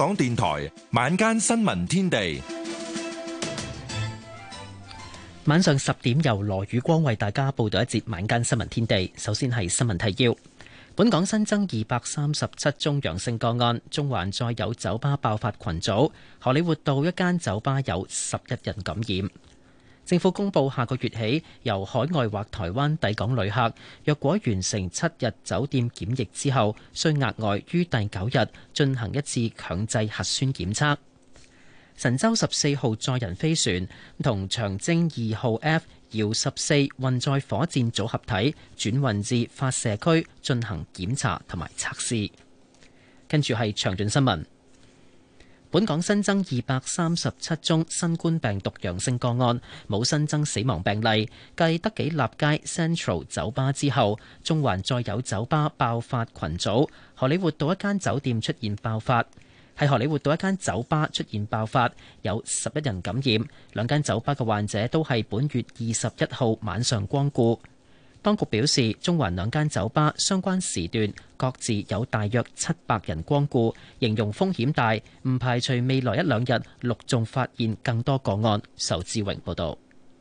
港電台晚間新聞天地，晚上十點由羅宇光為大家報道一節晚間新聞天地。首先係新聞提要，本港新增二百三十七宗陽性個案，中環再有酒吧爆發群組，荷里活道一間酒吧有十一人感染。政府公布下個月起，由海外或台灣抵港旅客，若果完成七日酒店檢疫之後需額外於第九日進行一次強制核酸檢測。神舟十四號載人飛船同長征二號 F 遙十四運載火箭組合體轉運至發射區進行檢查同埋測試，跟住係詳盡新聞。本港新增二百三十七宗新冠病毒陽性個案，冇新增死亡病例。繼德己立街 Central 酒吧之後，中環再有酒吧爆發群組。荷里活道一間酒店出現爆發，喺荷里活道一間酒吧出現爆發，有十一人感染，兩間酒吧嘅患者都係本月二十一號晚上光顧。當局表示，中環兩間酒吧相關時段各自有大約七百人光顧，形容風險大，唔排除未來一兩日陸續發現更多個案。仇志榮報道。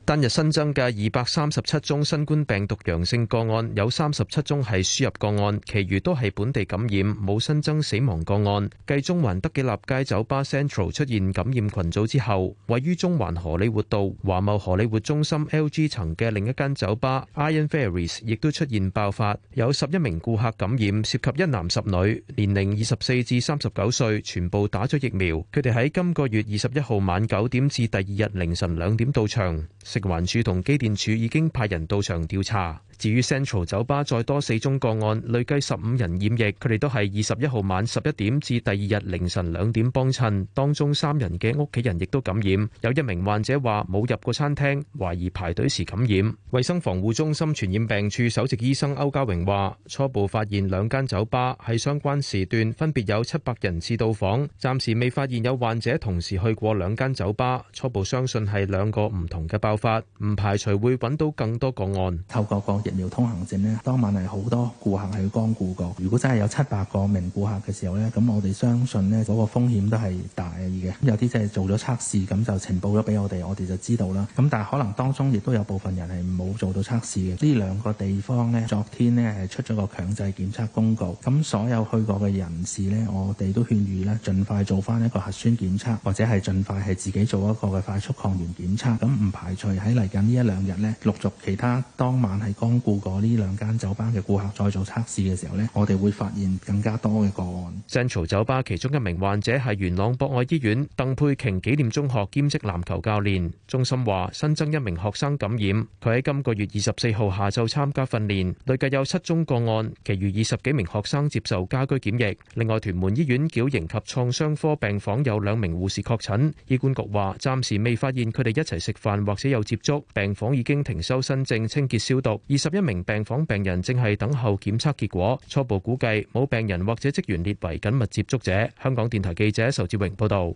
單日新增嘅二百三十七宗新冠病毒陽性個案，有三十七宗係輸入個案，其餘都係本地感染，冇新增死亡個案。繼中環德己立街酒吧 Central 出現感染群組之後，位於中環荷李活道華茂荷李活中心 L.G 層嘅另一間酒吧 Iron Fairies 亦都出現爆發，有十一名顧客感染，涉及一男十女，年齡二十四至三十九歲，全部打咗疫苗。佢哋喺今個月二十一號晚九點至第二日凌晨兩點到場。環署同機電署已經派人到場調查。至於 Central 酒吧再多四宗個案，累計十五人染疫，佢哋都係二十一號晚十一點至第二日凌晨兩點幫襯，當中三人嘅屋企人亦都感染。有一名患者話冇入過餐廳，懷疑排隊時感染。衛生防護中心傳染病處首席醫生歐家榮話：初步發現兩間酒吧喺相關時段分別有七百人次到訪，暫時未發現有患者同時去過兩間酒吧，初步相信係兩個唔同嘅爆發，唔排除會揾到更多個案。透過過疫苗通行證咧，當晚係好多顧客係去光顧過。如果真係有七八個名顧客嘅時候咧，咁我哋相信咧嗰個風險都係大嘅。有啲即係做咗測試，咁就呈報咗俾我哋，我哋就知道啦。咁但係可能當中亦都有部分人係冇做到測試嘅。呢兩個地方咧，昨天咧係出咗個強制檢測公告，咁所有去過嘅人士咧，我哋都勸喻咧，盡快做翻一個核酸檢測，或者係盡快係自己做一個嘅快速抗原檢測。咁唔排除喺嚟緊呢一兩日咧，陸續其他當晚係光顧過呢兩間酒吧嘅顧客再做測試嘅時候呢，我哋會發現更加多嘅個案。新潮酒吧其中一名患者係元朗博愛醫院鄧佩瓊紀念中學兼職籃球教練。中心話新增一名學生感染，佢喺今個月二十四號下晝參加訓練。累計有七宗個案，其餘二十幾名學生接受家居檢疫。另外屯門醫院矯形及創傷科病房有兩名護士確診。醫管局話暫時未發現佢哋一齊食飯或者有接觸，病房已經停收新症、清潔消毒。醫生。一名病房病人正係等候檢測結果，初步估計冇病人或者職員列為緊密接觸者。香港電台記者仇志榮報道。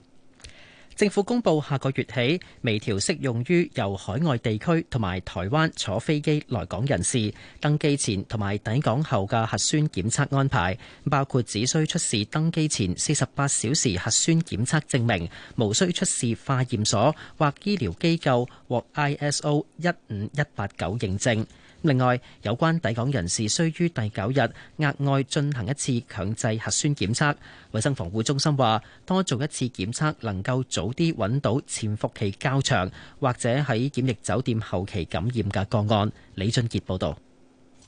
政府公布下個月起微調適用於由海外地區同埋台灣坐飛機來港人士登機前同埋抵港後嘅核酸檢測安排，包括只需出示登機前四十八小時核酸檢測證明，無需出示化驗所或醫療機構獲 ISO 一五一八九認證。另外，有關抵港人士，須於第九日額外進行一次強制核酸檢測。衛生防護中心話，多做一次檢測，能夠早啲揾到潛伏期較長或者喺檢疫酒店後期感染嘅個案。李俊傑報導。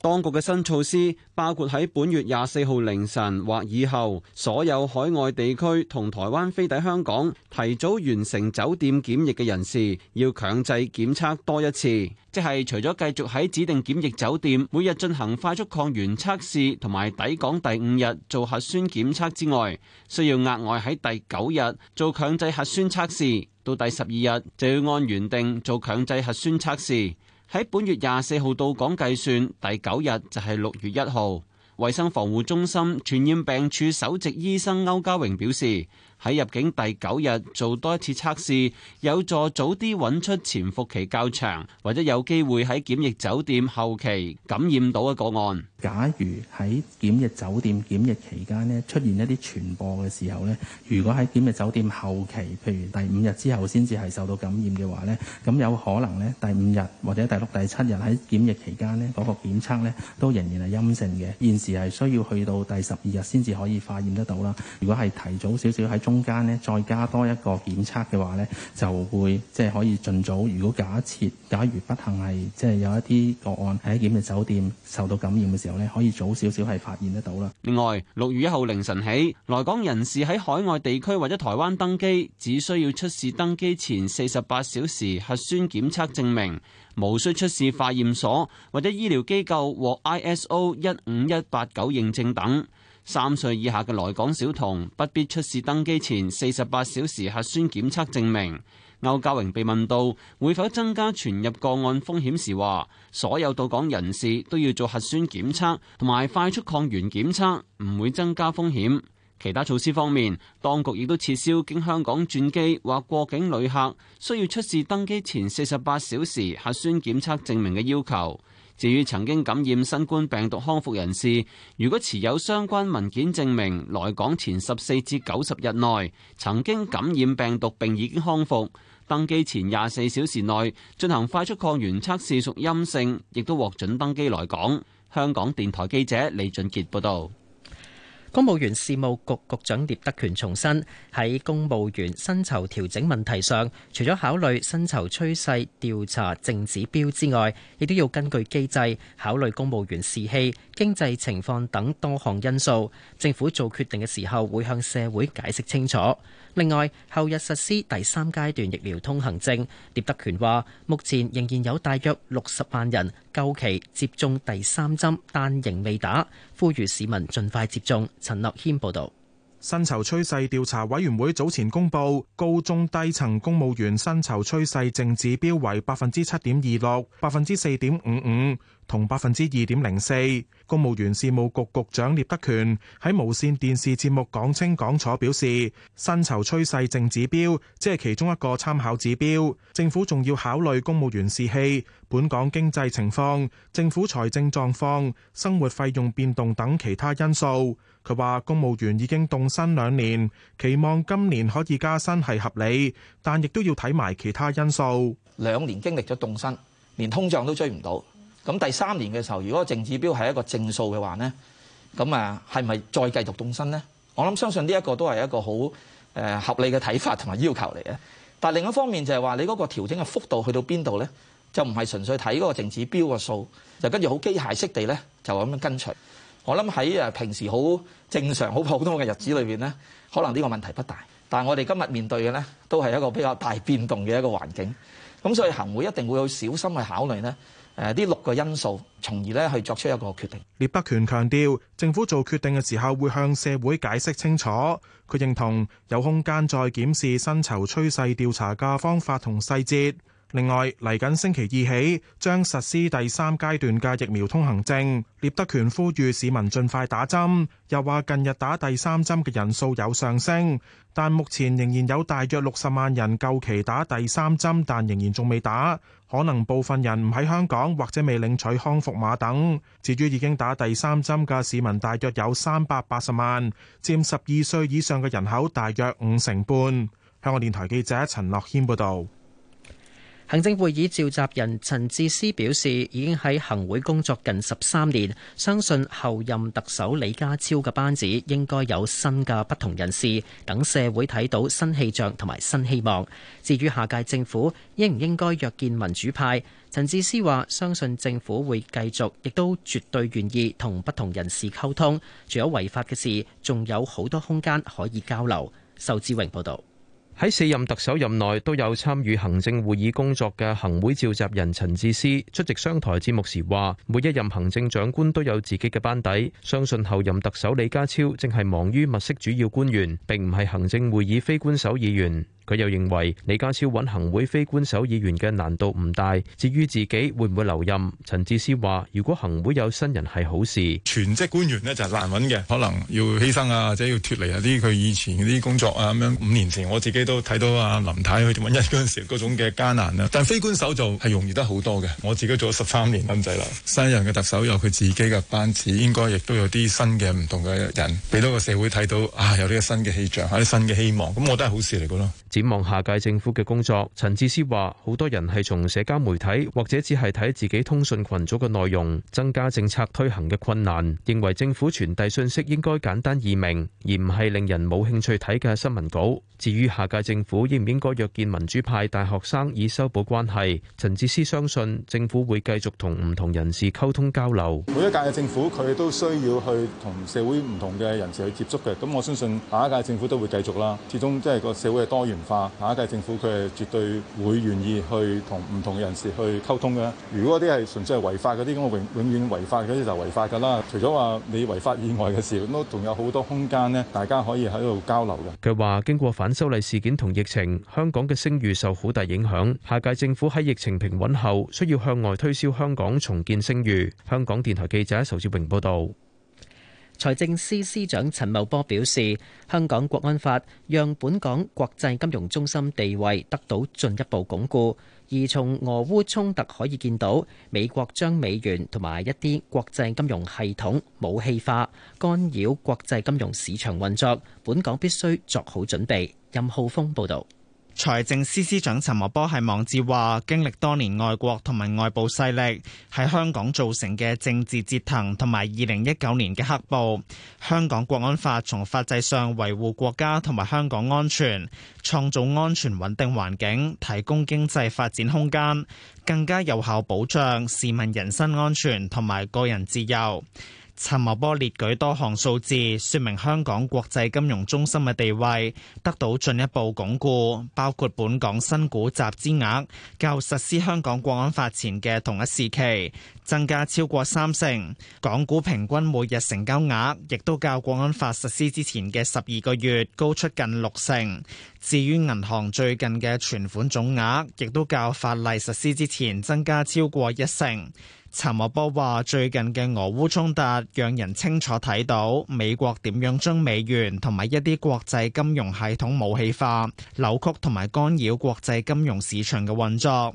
當局嘅新措施包括喺本月廿四號凌晨或以後，所有海外地區同台灣飛抵香港提早完成酒店檢疫嘅人士，要強制檢測多一次，即係除咗繼續喺指定檢疫酒店每日進行快速抗原測試同埋抵港第五日做核酸檢測之外，需要額外喺第九日做強制核酸測試，到第十二日就要按原定做強制核酸測試。喺本月廿四號到港計算，第九日就係六月一號。衞生防護中心傳染病處首席醫生歐家榮表示。喺入境第九日做多一次測試，有助早啲揾出潛伏期較長或者有機會喺檢疫酒店後期感染到嘅個案。假如喺檢疫酒店檢疫期間咧出現一啲傳播嘅時候咧，如果喺檢疫酒店後期，譬如第五日之後先至係受到感染嘅話咧，咁有可能咧第五日或者第六、第七日喺檢疫期間咧嗰個檢測咧都仍然係陰性嘅，現時係需要去到第十二日先至可以化驗得到啦。如果係提早少少喺中間咧，再加多一個檢測嘅話呢，就會即係可以盡早，如果假設假如不幸係即係有一啲個案喺檢疫酒店受到感染嘅時候呢，可以早少少係發現得到啦。另外，六月一號凌晨起，來港人士喺海外地區或者台灣登機，只需要出示登機前四十八小時核酸檢測證明，無需出示化驗所或者醫療機構獲 ISO 一五一八九認證等。三歲以下嘅來港小童不必出示登機前四十八小時核酸檢測證明。歐家榮被問到會否增加傳入個案風險時話，話所有到港人士都要做核酸檢測同埋快速抗原檢測，唔會增加風險。其他措施方面，當局亦都撤銷經香港轉機或過境旅客需要出示登機前四十八小時核酸檢測證明嘅要求。至於曾經感染新冠病毒康復人士，如果持有相關文件證明來港前十四至九十日內曾經感染病毒並已經康復，登機前廿四小時內進行快速抗原測試屬陰性，亦都獲准登機來港。香港電台記者李俊傑報道。公務員事務局局長聶德權重申，喺公務員薪酬調整問題上，除咗考慮薪酬趨勢、調查淨指標之外，亦都要根據機制考慮公務員士氣、經濟情況等多項因素。政府做決定嘅時候會向社會解釋清楚。另外，後日實施第三階段疫苗通行證，聶德權話，目前仍然有大約六十萬人夠期接種第三針，但仍未打，呼籲市民盡快接種。陳立謙報道，薪酬趨勢調查委員會早前公布，高中低層公務員薪酬趨勢淨指標為百分之七點二六、百分之四點五五同百分之二點零四。公務員事務局局長聶德權喺無線電視節目講清講楚，表示薪酬趨勢淨指標只係其中一個參考指標，政府仲要考慮公務員士氣、本港經濟情況、政府財政狀況、生活費用變動等其他因素。佢話：公務員已經凍薪兩年，期望今年可以加薪係合理，但亦都要睇埋其他因素。兩年經歷咗凍薪，連通脹都追唔到，咁第三年嘅時候，如果個淨指標係一個正數嘅話呢，咁啊係咪再繼續凍薪呢？我諗相信呢一個都係一個好誒合理嘅睇法同埋要求嚟嘅。但另一方面就係話，你嗰個調整嘅幅度去到邊度呢？就唔係純粹睇嗰個淨指標個數，就跟住好機械式地呢，就咁樣跟隨。我諗喺誒平時好正常、好普通嘅日子裏邊咧，可能呢個問題不大。但係我哋今日面對嘅咧，都係一個比較大變動嘅一個環境。咁所以行會一定會去小心去考慮咧誒啲六個因素，從而咧去作出一個決定。聶德權強調，政府做決定嘅時候會向社會解釋清楚。佢認同有空間再檢視薪酬趨勢調查嘅方法同細節。另外，嚟緊星期二起將實施第三階段嘅疫苗通行證。聶德權呼籲市民盡快打針，又話近日打第三針嘅人數有上升，但目前仍然有大約六十萬人夠期打第三針，但仍然仲未打，可能部分人唔喺香港或者未領取康復碼等。至於已經打第三針嘅市民，大約有三百八十萬，佔十二歲以上嘅人口大約五成半。香港電台記者陳樂謙報道。行政會議召集人陳智思表示，已經喺行會工作近十三年，相信候任特首李家超嘅班子應該有新嘅不同人士，等社會睇到新氣象同埋新希望。至於下屆政府應唔應該約見民主派，陳智思話：相信政府會繼續，亦都絕對願意同不同人士溝通。除咗違法嘅事，仲有好多空間可以交流。仇志榮報道。喺四任特首任內都有參與行政會議工作嘅行會召集人陳智思出席商台節目時話：每一任行政長官都有自己嘅班底，相信後任特首李家超正係忙於物色主要官員，並唔係行政會議非官守議員。佢又認為李家超揾行會非官守議員嘅難度唔大，至於自己會唔會留任？陳智思話：如果行會有新人係好事，全職官員呢就係、難揾嘅，可能要犧牲啊，或者要脫離啊啲佢以前啲工作啊咁樣。五年前我自己都睇到啊林太去揾人嗰陣時嗰種嘅艱難啦、啊，但係非官守就係容易得好多嘅。我自己做咗十三年咁滯啦，新人嘅特首有佢自己嘅班子，應該亦都有啲新嘅唔同嘅人，俾到個社會睇到啊有呢個新嘅氣象，有啲新嘅希望，咁我都係好事嚟嘅咯。展望下屆政府嘅工作，陳智思話好多人係從社交媒體或者只係睇自己通訊群組嘅內容，增加政策推行嘅困難，認為政府傳遞信息應該簡單易明，而唔係令人冇興趣睇嘅新聞稿。至於下屆政府應唔應該約見民主派大學生以修補關係，陳智思相信政府會繼續同唔同人士溝通交流。每一屆嘅政府佢都需要去同社會唔同嘅人士去接觸嘅，咁我相信下一屆政府都會繼續啦。始終即係個社會係多元。化，下一屆政府佢係絕對會願意去同唔同人士去溝通嘅。如果啲係純粹係違法嗰啲，咁永永遠違法嗰啲就違法噶啦。除咗話你違法以外嘅事，都仲有好多空間呢，大家可以喺度交流嘅。佢話：經過反修例事件同疫情，香港嘅聲譽受好大影響。下屆政府喺疫情平穩後，需要向外推銷香港重建聲譽。香港電台記者仇志榮報導。財政司司長陳茂波表示，香港國安法讓本港國際金融中心地位得到進一步鞏固，而從俄烏衝突可以見到，美國將美元同埋一啲國際金融系統武器化，干擾國際金融市場運作，本港必須作好準備。任浩峰報導。財政司司長陳茂波喺網誌話：經歷多年外國同埋外部勢力喺香港造成嘅政治折騰，同埋二零一九年嘅黑暴，香港國安法從法制上維護國家同埋香港安全，創造安全穩定環境，提供經濟發展空間，更加有效保障市民人身安全同埋個人自由。陳茂波列舉多項數字，說明香港國際金融中心嘅地位得到進一步鞏固，包括本港新股集資額較實施香港國安法前嘅同一時期增加超過三成，港股平均每日成交額亦都較國安法實施之前嘅十二個月高出近六成，至於銀行最近嘅存款總額，亦都較法例實施之前增加超過一成。陳茂波話：最近嘅俄烏衝突讓人清楚睇到美國點樣將美元同埋一啲國際金融系統武器化、扭曲同埋干擾國際金融市場嘅運作。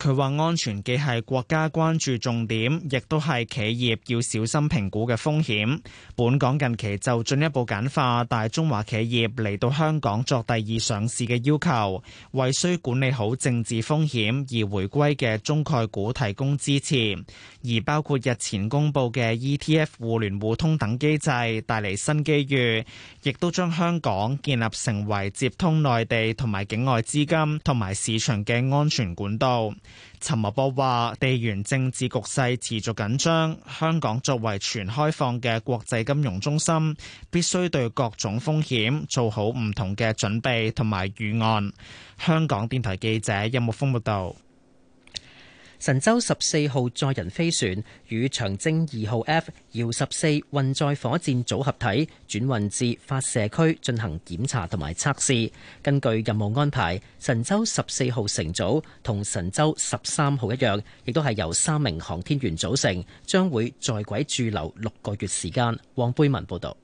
佢話安全既係國家關注重點，亦都係企業要小心評估嘅風險。本港近期就進一步簡化大中華企業嚟到香港作第二上市嘅要求，為需管理好政治風險而回歸嘅中概股提供支持。而包括日前公布嘅 ETF 互聯互通等機制，帶嚟新機遇，亦都將香港建立成為接通內地同埋境外資金同埋市場嘅安全管道。陳茂波話：地緣政治局勢持續緊張，香港作為全開放嘅國際金融中心，必須對各種風險做好唔同嘅準備同埋預案。香港電台記者任木峰報道。神舟十四號載人飛船與長征二號 F 遙十四運載火箭組合體轉運至發射區進行檢查同埋測試。根據任務安排，神舟十四號乘組同神舟十三號一樣，亦都係由三名航天員組成，將會在軌駐留六個月時間。黃貝文報道。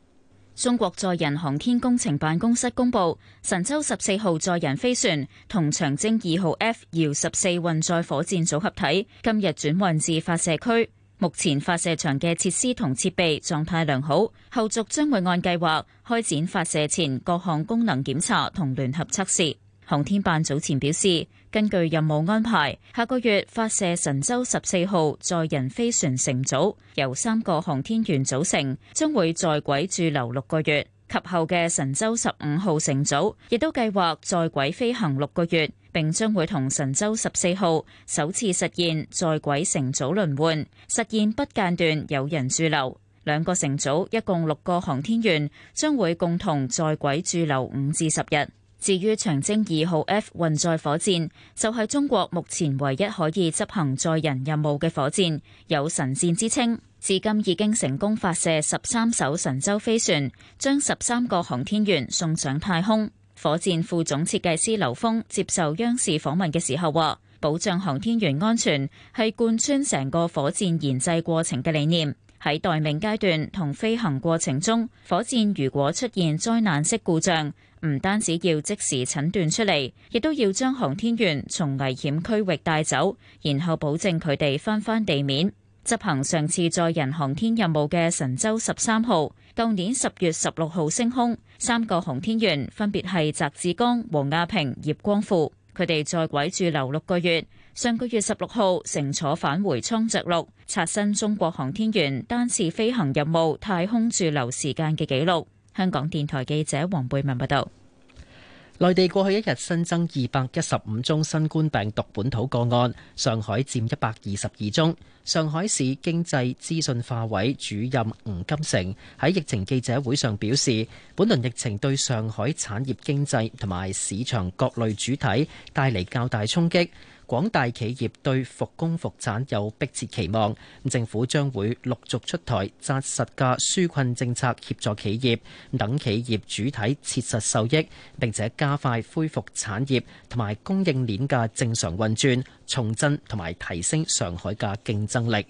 中國載人航天工程辦公室公布，神舟十四號載人飛船同長征二號 F 遙十四運載火箭組合體今日轉運至發射區。目前發射場嘅設施同設備狀態良好，後續將會按計劃開展發射前各項功能檢查同聯合測試。航天辦早前表示，根據任務安排，下個月發射神舟十四號載人飛船乘組，由三個航天員組成，將會在軌駐留六個月。及後嘅神舟十五號乘組亦都計劃在軌飛行六個月，並將會同神舟十四號首次實現在軌乘組輪換，實現不間斷有人駐留。兩個乘組一共六個航天員將會共同在軌駐留五至十日。至於長征二號 F 運載火箭，就係、是、中國目前唯一可以執行載人任務嘅火箭，有神箭之稱。至今已經成功發射十三艘神舟飛船，將十三個航天員送上太空。火箭副總設計師劉峰接受央視訪問嘅時候話，保障航天員安全係貫穿成個火箭研製過程嘅理念。喺待命階段同飛行過程中，火箭如果出現災難式故障，唔單止要即時診斷出嚟，亦都要將航天員從危險區域帶走，然後保證佢哋翻返地面。執行上次載人航天任務嘅神舟十三號，舊年十月十六號升空，三個航天員分別係翟志剛、王亞平、葉光富，佢哋在軌駐留六個月。上個月十六號，乘坐返回艙着陸，刷新中國航天員單次飛行任務太空駐留時間嘅紀錄。香港電台記者黃貝文報道。內地過去一日新增二百一十五宗新冠病毒本土個案，上海佔一百二十二宗。上海市經濟資訊化委主任吳金成喺疫情記者會上表示，本輪疫情對上海產業經濟同埋市場各類主體帶嚟較大衝擊。廣大企業對復工復產有迫切期望，政府將會陸續出台紮實嘅紓困政策協助企業，等企業主體切實受益，並且加快恢復產業同埋供應鏈嘅正常運轉，重振同埋提升上海嘅競爭力。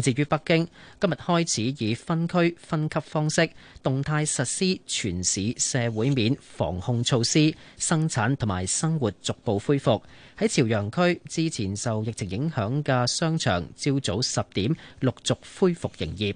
至於北京，今日開始以分區分級方式動態實施全市社會面防控措施，生產同埋生活逐步恢復。喺朝陽區之前受疫情影響嘅商場，朝早十點陸續恢復營業。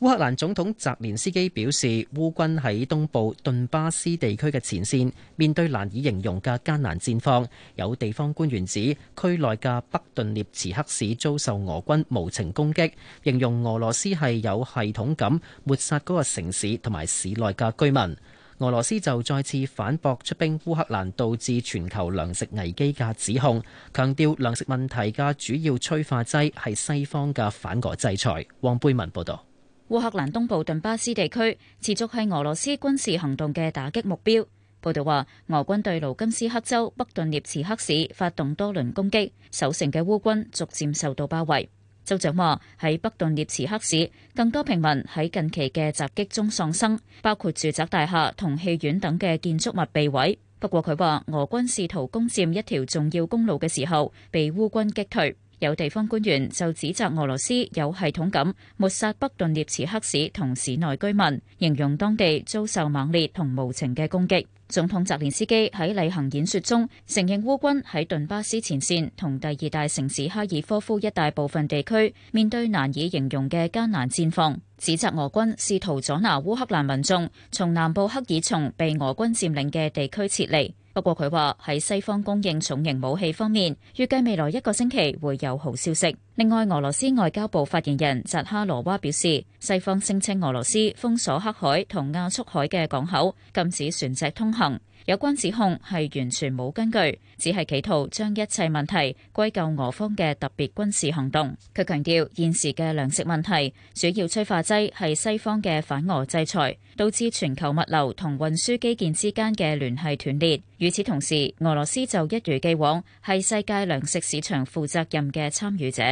烏克蘭總統澤連斯基表示，烏軍喺東部頓巴斯地區嘅前線面對難以形容嘅艱難戰況。有地方官員指，區內嘅北頓涅茨克市遭受俄軍無情攻擊，形容俄羅斯係有系統咁抹殺嗰個城市同埋市內嘅居民。俄羅斯就再次反駁出兵烏克蘭導致全球糧食危機嘅指控，強調糧食問題嘅主要催化劑係西方嘅反俄制裁。黃貝文報道。烏克蘭東部頓巴斯地區持續係俄羅斯軍事行動嘅打擊目標。報道話，俄軍對盧甘斯克州北頓涅茨克市發動多輪攻擊，守城嘅烏軍逐漸受到包圍。州長話，喺北頓涅茨克市，更多平民喺近期嘅襲擊中喪生，包括住宅大廈同戲院等嘅建築物被毀。不過佢話，俄軍試圖攻佔一條重要公路嘅時候，被烏軍擊退。有地方官員就指責俄羅斯有系統咁抹殺北頓涅茨克市同市內居民，形容當地遭受猛烈同無情嘅攻擊。總統澤連斯基喺例行演說中承認烏軍喺頓巴斯前線同第二大城市哈爾科夫一大部分地區面對難以形容嘅艱難戰況，指責俄軍試圖阻撓烏克蘭民眾從南部克爾松被俄軍佔領嘅地區撤離。不過，佢話喺西方供應重型武器方面，預計未來一個星期會有好消息。另外，俄羅斯外交部發言人扎哈羅娃表示，西方聲稱俄羅斯封鎖黑海同亞速海嘅港口，禁止船隻通行，有關指控係完全冇根據，只係企圖將一切問題歸咎俄方嘅特別軍事行動。佢強調，現時嘅糧食問題主要催化劑係西方嘅反俄制裁，導致全球物流同運輸基建之間嘅聯繫斷裂。與此同時，俄羅斯就一如既往係世界糧食市場負責任嘅參與者。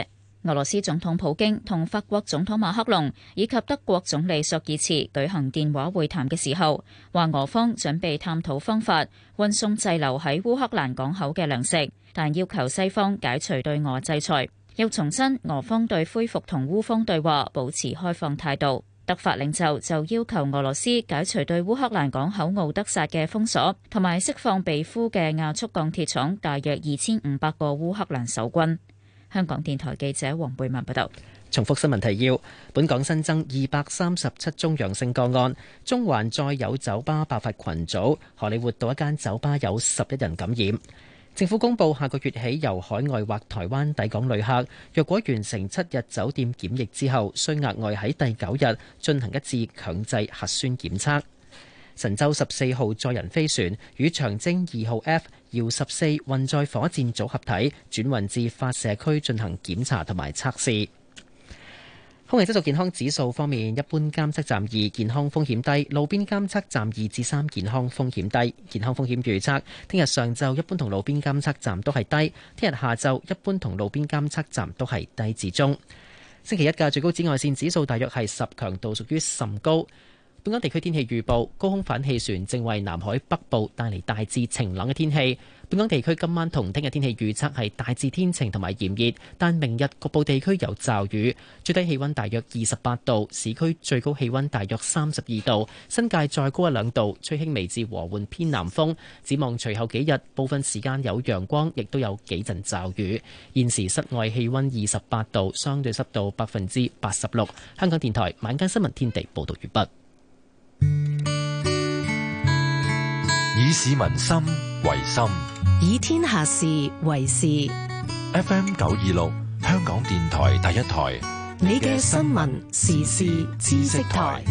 俄羅斯總統普京同法國總統馬克龍以及德國總理索爾茨舉行電話會談嘅時候，話俄方準備探討方法運送滯留喺烏克蘭港口嘅糧食，但要求西方解除對俄制裁。又重申俄方對恢復同烏方對話保持開放態度。德法領袖就要求俄羅斯解除對烏克蘭港口敖德薩嘅封鎖，同埋釋放被俘嘅亞速鋼鐵廠大約二千五百個烏克蘭守軍。香港電台記者黃貝文報道：重複新聞提要，本港新增二百三十七宗陽性個案，中環再有酒吧爆發群組，荷里活道一間酒吧有十一人感染。政府公布下個月起，由海外或台灣抵港旅客，若果完成七日酒店檢疫之後，需額外喺第九日進行一次強制核酸檢測。神舟十四號載人飛船與長征二號 F。要十四運載火箭組合體轉運至發射區進行檢查同埋測試。空氣質素健康指數方面，一般監測站二，健康風險低；路邊監測站二至三，3，健康風險低。健康風險預測：聽日上晝一般同路邊監測站都係低；聽日下晝一般同路邊監測站都係低至中。星期一嘅最高紫外線指數大約係十，強度屬於甚高。本港地區天氣預報，高空反氣旋正為南海北部帶嚟大致晴朗嘅天氣。本港地區今晚同聽日天氣預測係大致天晴同埋炎熱，但明日局部地區有驟雨。最低氣温大約二十八度，市區最高氣温大約三十二度，新界再高一兩度。吹輕微至和緩偏南風。展望隨後幾日，部分時間有陽光，亦都有幾陣驟雨。現時室外氣温二十八度，相對濕度百分之八十六。香港電台晚間新聞天地報道完畢。以市民心為心，以天下事為事。FM 九二六，香港電台第一台，你嘅新聞時事知識台。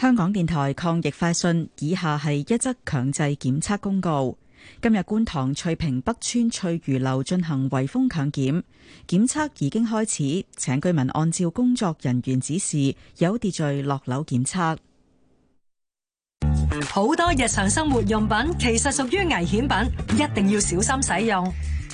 香港電台抗疫快訊，以下係一則強制檢測公告。今日觀塘翠屏北村翠榆樓進行圍封強檢，檢測已經開始，請居民按照工作人員指示有秩序落樓檢測。好多日常生活用品其實屬於危險品，一定要小心使用。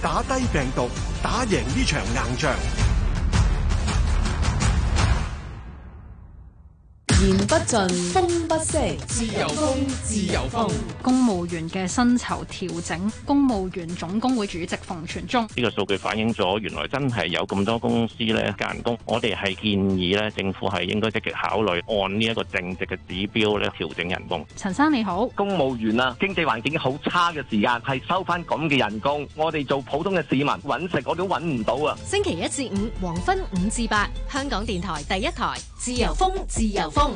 打低病毒，打贏呢場硬仗。言不盡，風不息，自由風，自由風。公務員嘅薪酬調整，公務員總工會主席馮全忠，呢個數據反映咗原來真係有咁多公司咧加人工。我哋係建議咧，政府係應該積極考慮按呢一個正值嘅指標咧調整人工。陳生你好，公務員啊，經濟環境好差嘅時間係收翻咁嘅人工，我哋做普通嘅市民揾食我都揾唔到啊！星期一至五黃昏五至八，香港電台第一台，自由風，自由風。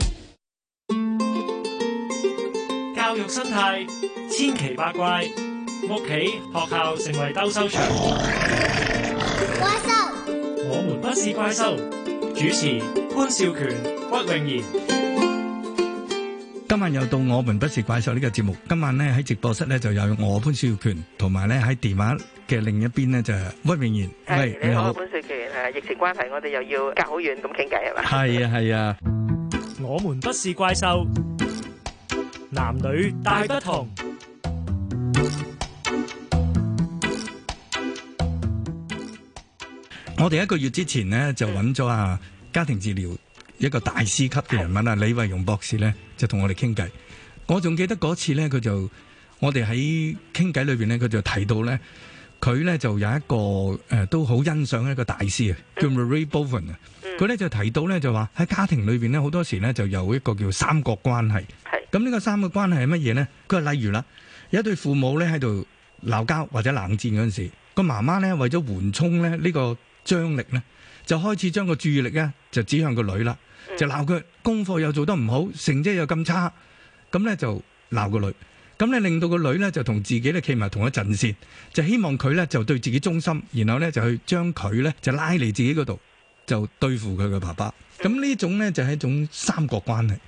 教育生態千奇百怪，屋企、學校成為鬥獸場。怪獸，我們不是怪獸。主持潘少權、屈穎妍。今晚又到我們不是怪獸呢個節目。今晚咧喺直播室咧就有我潘少權，同埋咧喺電話嘅另一邊咧就係屈穎妍。係，你好，潘少權。係疫情關係，我哋又要隔好遠咁傾偈係嘛？係啊，係啊。我們不是怪獸，男女大不同。 我哋一個月之前呢，就揾咗啊，家庭治療一個大師級嘅人物啊， 李慧容博士呢，就同我哋傾偈。我仲記得嗰次呢，佢就我哋喺傾偈裏邊呢，佢就提到呢，佢呢就有一個誒、呃、都好欣賞一個大師啊，叫 Murray Bowen 啊。佢咧就提到咧就話喺家庭裏邊咧好多時咧就有一個叫三角關係。係。咁呢個三角關係係乜嘢咧？佢話例如啦，有一對父母咧喺度鬧交或者冷戰嗰陣時，個媽媽咧為咗緩衝咧呢個張力咧，就開始將個注意力咧就指向個女啦，就鬧佢功課又做得唔好，成績又咁差，咁咧就鬧個女，咁咧令到個女咧就同自己咧企埋同一陣線，就希望佢咧就對自己忠心，然後咧就去將佢咧就拉嚟自己嗰度。就對付佢嘅爸爸，咁呢種呢就係一種三角關係。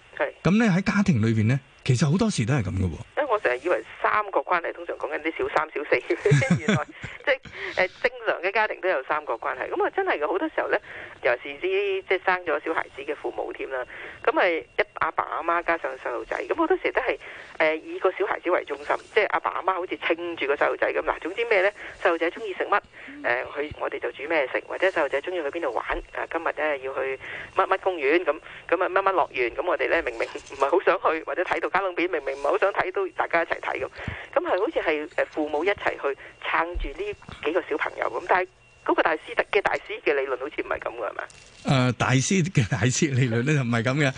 咁呢喺家庭裏邊呢，其實好多時都係咁嘅喎。我成日以為三角關係通常講緊啲小三小四，原來即係誒正常嘅家庭都有三角關係。咁啊，真係嘅好多時候咧，尤其是啲即係生咗小孩子嘅父母添啦。咁啊，一阿爸阿媽加上細路仔，咁好多時都係誒以個小孩子為中心，即係阿爸阿媽好似稱住個細路仔咁嗱。總之咩咧，細路仔中意食乜誒，佢我哋就煮咩食，或者細路仔中意去邊度玩啊？今日咧要去乜乜公園咁，咁啊乜乜樂園。咁我哋咧明明唔係好想去，或者睇到卡通片明明唔係好想睇到。大家一齊睇咁，咁係好似係誒父母一齊去撐住呢幾個小朋友咁，但係嗰個大師特嘅大師嘅理論好似唔係咁嘅係嘛？誒，大師嘅大師理論咧就唔係咁嘅。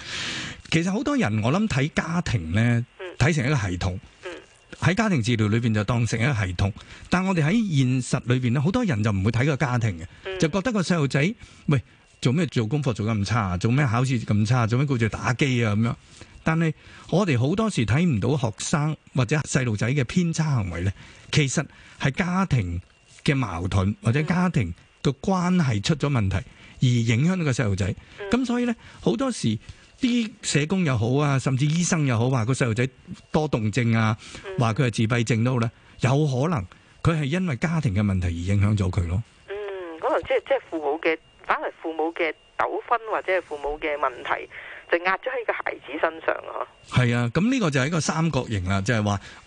其實好多人我諗睇家庭咧，睇成一個系統。嗯、嗯、喺家庭治療裏邊就當成一個系統，但係我哋喺現實裏邊咧，好多人就唔會睇個家庭嘅，就覺得個細路仔喂。做咩做功課做得咁差？做咩考試咁差？做咩叫做打機啊？咁樣，但係我哋好多時睇唔到學生或者細路仔嘅偏差行為咧，其實係家庭嘅矛盾或者家庭嘅關係出咗問題而影響到個細路仔。咁、嗯、所以咧，好多時啲社工又好啊，甚至醫生又好，話個細路仔多動症啊，話佢係自閉症都好咧，有可能佢係因為家庭嘅問題而影響咗佢咯。嗯，可能即係即係父母嘅。反而父母嘅糾紛或者係父母嘅問題，就壓咗喺個孩子身上啊！係啊，咁呢個就係一個三角形啦，就係話。